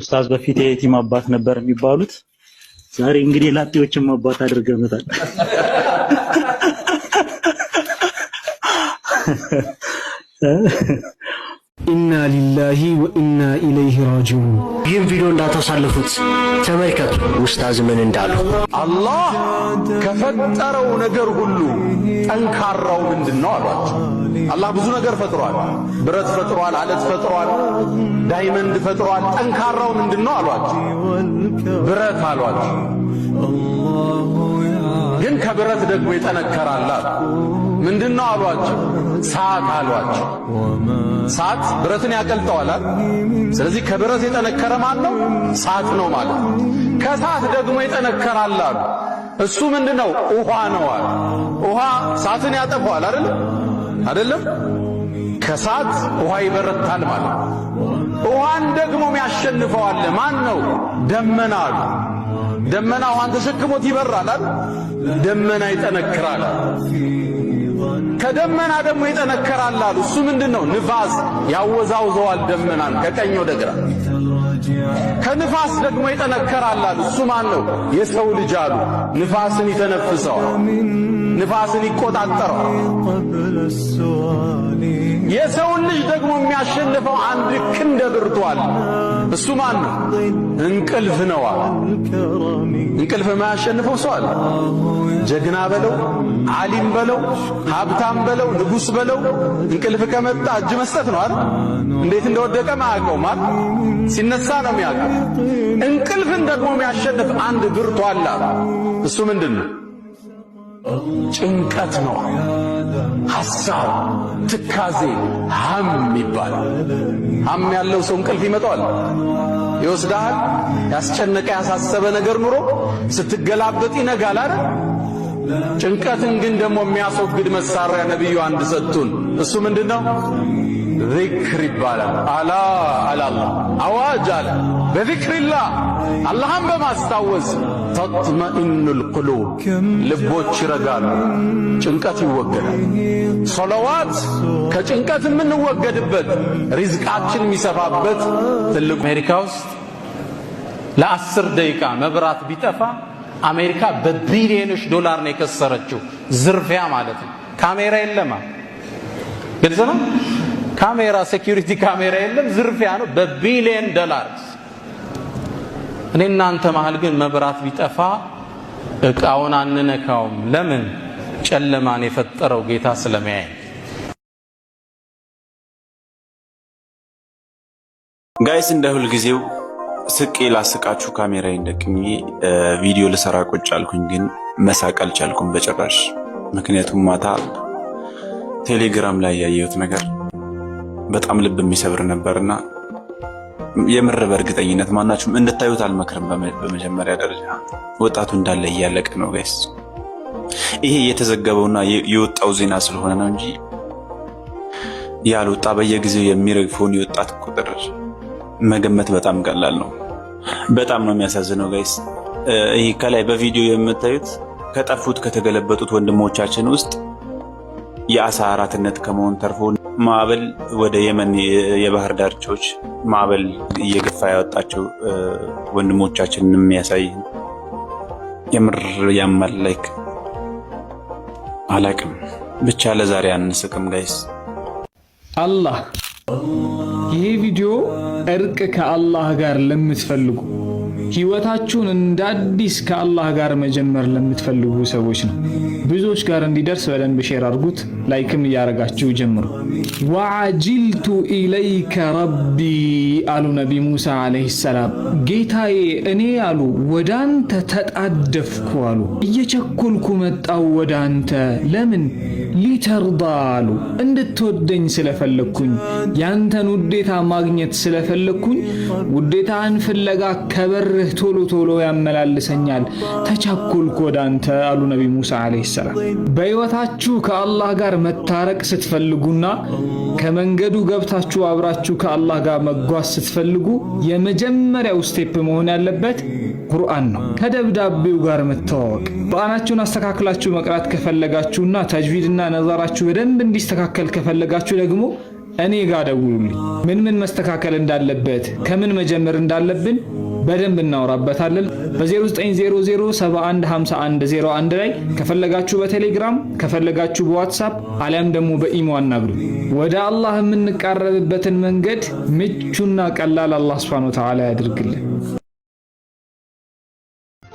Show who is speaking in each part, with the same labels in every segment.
Speaker 1: ኡስታዝ በፊት የቲም አባት ነበር የሚባሉት። ዛሬ እንግዲህ ላጤዎችም አባት አድርገውታል።
Speaker 2: ኢና ሊላሂ ወኢና ኢለይሂ ራጂዑን። ይህን ቪዲዮ እንዳታሳልፉት። ተመልከቱ ኡስታዝ ምን እንዳሉ።
Speaker 3: አላህ ከፈጠረው ነገር ሁሉ ጠንካራው ምንድን ነው አሏቸው። አላህ ብዙ ነገር ፈጥሯል። ብረት ፈጥሯል፣ አለት ፈጥሯል፣ ዳይመንድ ፈጥሯል። ጠንካራው ምንድን ነው አሏቸው። ብረት አሏቸው። ግን ከብረት ደግሞ የጠነከራላት ምንድን ነው አሏቸው? ሰዓት አሏቸው። ሰዓት ብረትን ያቀልጠዋል። ስለዚህ ከብረት የጠነከረ ማን ነው? ሰዓት ነው ማለት። ከሰዓት ደግሞ ይጠነከራል አሉ። እሱ ምንድን ነው? ውሃ ነው አሉ። ውሃ ሰዓትን ያጠፋዋል አይደል? አይደለም። ከሰዓት ውሃ ይበረታል ማለት። ውሃን ደግሞ ያሸንፈዋል ማን ነው? ደመና አሉ። ደመና ውሃን ተሸክሞት ይበራል አይደል? ደመና ይጠነክራል። ከደመና ደግሞ ይጠነከራል አሉ። እሱ ምንድን ነው? ንፋስ ያወዛውዘዋል ደመናን ከቀኝ ወደ ግራ። ከንፋስ ደግሞ ይጠነከራል አሉ። እሱ ማን ነው? የሰው ልጅ አሉ። ንፋስን ይተነፍሰዋል። ንፋስን ይቆጣጠረዋል። የሰውን ልጅ ደግሞ የሚያሸንፈው አንድ ክንደ ብርቷል። እሱ ማን ነው? እንቅልፍ ነዋ። እንቅልፍ የማያሸንፈው ሰው አለ? ጀግና በለው፣ አሊም በለው፣ ሀብታም በለው፣ ንጉሥ በለው፣ እንቅልፍ ከመጣ እጅ መስጠት ነው አይደል? እንዴት እንደወደቀ ማያውቀው ማለት ሲነሳ ነው የሚያውቀው። እንቅልፍን ደግሞ የሚያሸንፍ አንድ ብርቷ አለ። እሱ ምንድን ነው? ጭንቀት ነው። ሐሳብ፣ ትካዜ፣ ሐም ይባል። ሐም ያለው ሰው እንቅልፍ ይመጣዋል፣ ይወስዳል ያስጨነቀ ያሳሰበ ነገር ኑሮ ስትገላበጥ ይነጋል አይደል? ጭንቀትን ግን ደግሞ የሚያስወግድ መሳሪያ ነቢዩ አንድ ሰጡን። እሱ ምንድነው? ዚክር ይባላል። አላ አላላ አዋጅ አለ በዚክሪላህ አላህን በማስታወስ ተጥመኢኑል ቁሉብ ልቦች ይረጋሉ፣ ጭንቀት ይወገዳል። ሶለዋት ከጭንቀት የምንወገድበት ሪዝቃችን የሚሰፋበት ትልቁ
Speaker 4: አሜሪካ ውስጥ ለአስር ደቂቃ መብራት ቢጠፋ አሜሪካ በቢሊዮኖች ዶላር ነው የከሰረችው። ዝርፊያ ማለት ነው። ካሜራ የለማ፣ ግልጽ ነው። ካሜራ ሴኪሪቲ ካሜራ የለም። ዝርፊያ ነው በቢሊዮን ዶላር እኔ እናንተ መሀል ግን መብራት ቢጠፋ እቃውን አንነካውም። ለምን? ጨለማን የፈጠረው ጌታ ስለሚያይ።
Speaker 5: ጋይስ እንደ ሁልጊዜው ስቄ ላስቃችሁ ካሜራ ደቅኜ ቪዲዮ ልሰራ ቁጭ አልኩኝ፣ ግን መሳቅ አልቻልኩም በጭራሽ። ምክንያቱም ማታ ቴሌግራም ላይ ያየሁት ነገር በጣም ልብ የሚሰብር ነበርና የምር በእርግጠኝነት ማናችሁም እንድታዩት አልመክርም። በመጀመሪያ ደረጃ ወጣቱ እንዳለ እያለቀ ነው ጋይስ። ይሄ የተዘገበውና የወጣው ዜና ስለሆነ ነው እንጂ ያልወጣ በየጊዜው የሚረግፈውን የወጣት ቁጥር መገመት በጣም ቀላል ነው። በጣም ነው የሚያሳዝነው ጋይስ። ይህ ከላይ በቪዲዮ የምታዩት ከጠፉት ከተገለበጡት ወንድሞቻችን ውስጥ የአሳ አራትነት ከመሆን ተርፎ ማዕበል ወደ የመን የባህር ዳርቻዎች ማዕበል እየገፋ ያወጣቸው ወንድሞቻችንን የሚያሳይ የምር ያማል። ላይክ አላቅም ብቻ ለዛሬ አንስቅም ጋይስ።
Speaker 6: አላህ ይሄ ቪዲዮ እርቅ ከአላህ ጋር ለምትፈልጉ ህይወታችሁን እንደ አዲስ ከአላህ ጋር መጀመር ለምትፈልጉ ሰዎች ነው። ብዙዎች ጋር እንዲደርስ በደንብ ሼር አድርጉት። ላይክም እያደረጋችሁ ጀምሩ። ወዓጅልቱ ኢለይከ ረቢ አሉ ነቢ ሙሳ ዓለይሂ ሰላም። ጌታዬ እኔ አሉ ወደ አንተ ተጣደፍኩ አሉ፣ እየቸኮልኩ መጣው ወደ አንተ። ለምን ሊተርዳ አሉ፣ እንድትወደኝ ስለፈለግኩኝ፣ ያንተን ውዴታ ማግኘት ስለፈለግኩኝ፣ ውዴታን ፍለጋ ከበር ቃልህ ቶሎ ቶሎ ያመላልሰኛል፣ ተቻኮልኩ ወደ አንተ አሉ ነቢ ሙሳ ዓለይሂ ሰላም። በሕይወታችሁ ከአላህ ጋር መታረቅ ስትፈልጉና ከመንገዱ ገብታችሁ አብራችሁ ከአላህ ጋር መጓዝ ስትፈልጉ የመጀመሪያው ስቴፕ መሆን ያለበት ቁርአን ነው። ከደብዳቤው ጋር መተዋወቅ። ቁርአናችሁን አስተካክላችሁ መቅራት ከፈለጋችሁና ተጅዊድና ነዛራችሁ በደንብ እንዲስተካከል ከፈለጋችሁ ደግሞ እኔ ጋር ደውሉልኝ። ምን ምን መስተካከል እንዳለበት ከምን መጀመር እንዳለብን በደንብ እናወራበታለን። በ0900715101 ላይ ከፈለጋችሁ በቴሌግራም ከፈለጋችሁ በዋትሳፕ አሊያም ደግሞ በኢሞ አናግሩ። ወደ አላህ የምንቃረብበትን መንገድ ምቹና ቀላል አላህ ሱብሓነሁ ወተዓላ ያድርግልን።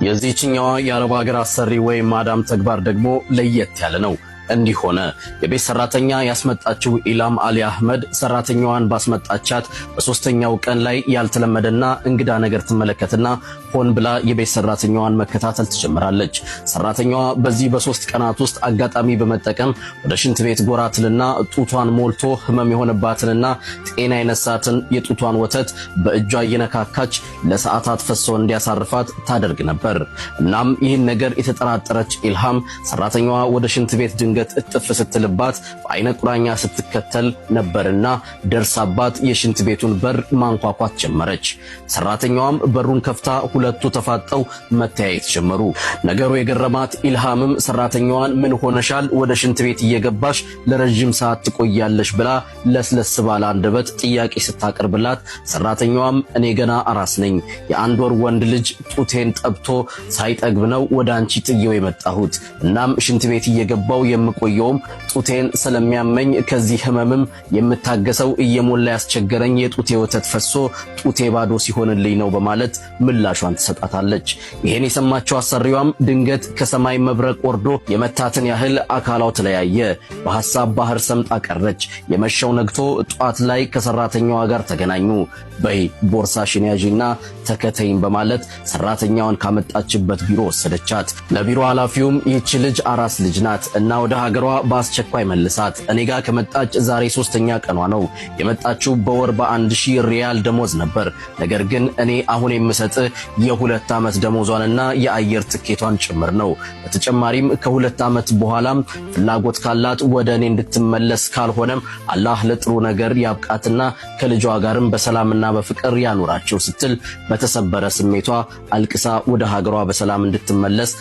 Speaker 7: የዚህችኛዋ የአረብ ሀገር አሰሪ ወይም ማዳም ተግባር ደግሞ ለየት ያለ ነው። እንዲሆነ የቤት ሰራተኛ ያስመጣችው ኢላም አሊ አህመድ ሰራተኛዋን ባስመጣቻት በሶስተኛው ቀን ላይ ያልተለመደና እንግዳ ነገር ትመለከትና ሆን ብላ የቤት ሰራተኛዋን መከታተል ትጀምራለች። ሰራተኛዋ በዚህ በሶስት ቀናት ውስጥ አጋጣሚ በመጠቀም ወደ ሽንት ቤት ጎራትንና ጡቷን ሞልቶ ህመም የሆነባትንና ጤና የነሳትን የጡቷን ወተት በእጇ እየነካካች ለሰዓታት ፈሶ እንዲያሳርፋት ታደርግ ነበር። እናም ይህን ነገር የተጠራጠረች ኢልሃም ሰራተኛዋ ወደ ሽንት ቤት ድንገት አንገት እጥፍ ስትልባት በአይነ ቁራኛ ስትከተል ነበርና ደርሳባት የሽንት ቤቱን በር ማንኳኳት ጀመረች። ሰራተኛዋም በሩን ከፍታ ሁለቱ ተፋጠው መተያየት ጀመሩ። ነገሩ የገረማት ኢልሃምም ሰራተኛዋን ምን ሆነሻል? ወደ ሽንት ቤት እየገባሽ ለረጅም ሰዓት ትቆያለሽ ብላ ለስለስ ባለ አንደበት ጥያቄ ስታቀርብላት፣ ሰራተኛዋም እኔ ገና አራስ ነኝ፣ የአንድ ወር ወንድ ልጅ ጡቴን ጠብቶ ሳይጠግብ ነው ወደ አንቺ ጥየው የመጣሁት። እናም ሽንት ቤት እየገባው የም ስለመቆየውም ጡቴን ስለሚያመኝ ከዚህ ህመምም የምታገሰው እየሞላ ያስቸገረኝ የጡቴ ወተት ፈሶ ጡቴ ባዶ ሲሆንልኝ ነው በማለት ምላሿን ትሰጣታለች። ይህን የሰማችው አሰሪዋም ድንገት ከሰማይ መብረቅ ወርዶ የመታትን ያህል አካላው ተለያየ። በሐሳብ ባህር ሰምጣ ቀረች። የመሸው ነግቶ ጧት ላይ ከሰራተኛዋ ጋር ተገናኙ። በይ ቦርሳ ሽንያዥና ተከተይም በማለት ሰራተኛዋን ካመጣችበት ቢሮ ወሰደቻት። ለቢሮ ኃላፊውም ይህች ልጅ አራስ ልጅ ናት እና ወደ ሀገሯ በአስቸኳይ መልሳት። እኔ ጋር ከመጣች ዛሬ ሶስተኛ ቀኗ ነው። የመጣችው በወር በአንድ ሺህ ሪያል ደሞዝ ነበር። ነገር ግን እኔ አሁን የምሰጥህ የሁለት ዓመት ደሞዟንና የአየር ትኬቷን ጭምር ነው። በተጨማሪም ከሁለት ዓመት በኋላም ፍላጎት ካላት ወደ እኔ እንድትመለስ ካልሆነም አላህ ለጥሩ ነገር ያብቃትና ከልጇ ጋርም በሰላምና በፍቅር ያኑራቸው ስትል በተሰበረ ስሜቷ አልቅሳ ወደ ሀገሯ በሰላም እንድትመለስ